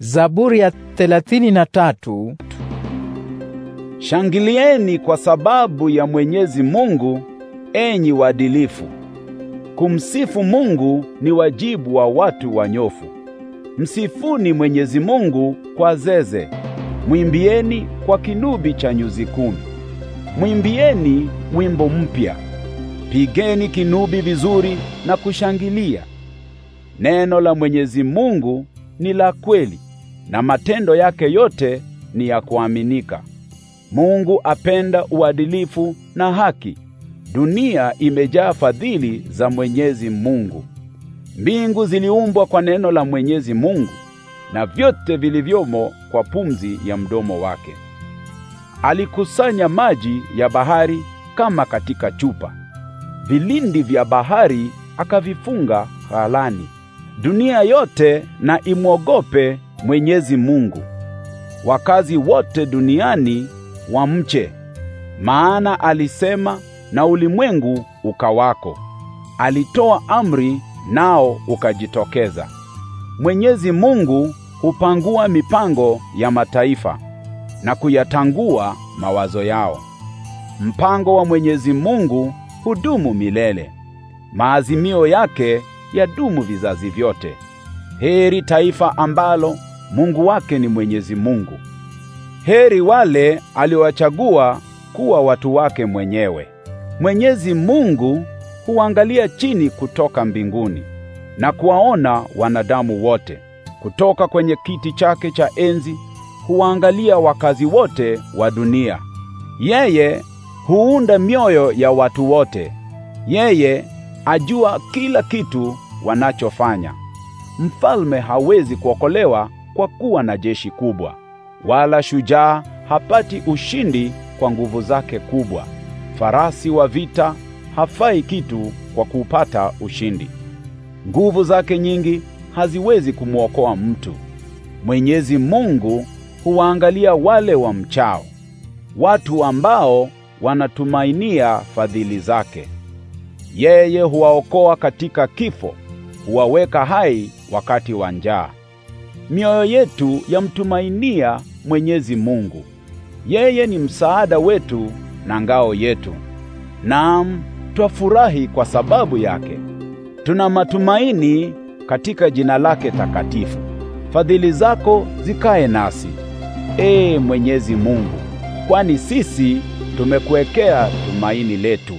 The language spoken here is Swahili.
Zaburi ya 33. Shangilieni kwa sababu ya Mwenyezi Mungu, enyi waadilifu. Kumsifu Mungu ni wajibu wa watu wanyofu. Msifuni Mwenyezi Mungu kwa zeze, mwimbieni kwa kinubi cha nyuzi kumi. Mwimbieni wimbo mpya, pigeni kinubi vizuri na kushangilia. Neno la Mwenyezi Mungu ni la kweli, na matendo yake yote ni ya kuaminika. Mungu apenda uadilifu na haki. Dunia imejaa fadhili za Mwenyezi Mungu. Mbingu ziliumbwa kwa neno la Mwenyezi Mungu na vyote vilivyomo kwa pumzi ya mdomo wake. Alikusanya maji ya bahari kama katika chupa. Vilindi vya bahari akavifunga halani. Dunia yote na imwogope Mwenyezi Mungu. Wakazi wote duniani wamche, maana alisema na ulimwengu ukawako. Alitoa amri nao ukajitokeza. Mwenyezi Mungu hupangua mipango ya mataifa na kuyatangua mawazo yao. Mpango wa Mwenyezi Mungu hudumu milele, maazimio yake yadumu vizazi vyote. Heri taifa ambalo Mungu wake ni Mwenyezi Mungu. Heri wale aliowachagua kuwa watu wake mwenyewe. Mwenyezi Mungu huangalia chini kutoka mbinguni na kuwaona wanadamu wote. Kutoka kwenye kiti chake cha enzi huwaangalia wakazi wote wa dunia. Yeye huunda mioyo ya watu wote. Yeye ajua kila kitu wanachofanya. Mfalme hawezi kuokolewa kwa kuwa na jeshi kubwa, wala shujaa hapati ushindi kwa nguvu zake kubwa. Farasi wa vita hafai kitu kwa kupata ushindi. Nguvu zake nyingi haziwezi kumwokoa mtu. Mwenyezi Mungu huwaangalia wale wa mchao, watu ambao wanatumainia fadhili zake. Yeye huwaokoa katika kifo, huwaweka hai wakati wa njaa mioyo yetu yamtumainia Mwenyezi Mungu. Yeye ni msaada wetu na ngao yetu. Naam, twafurahi kwa sababu yake. Tuna matumaini katika jina lake takatifu. Fadhili zako zikae nasi, Ee Mwenyezi Mungu, kwani sisi tumekuwekea tumaini letu.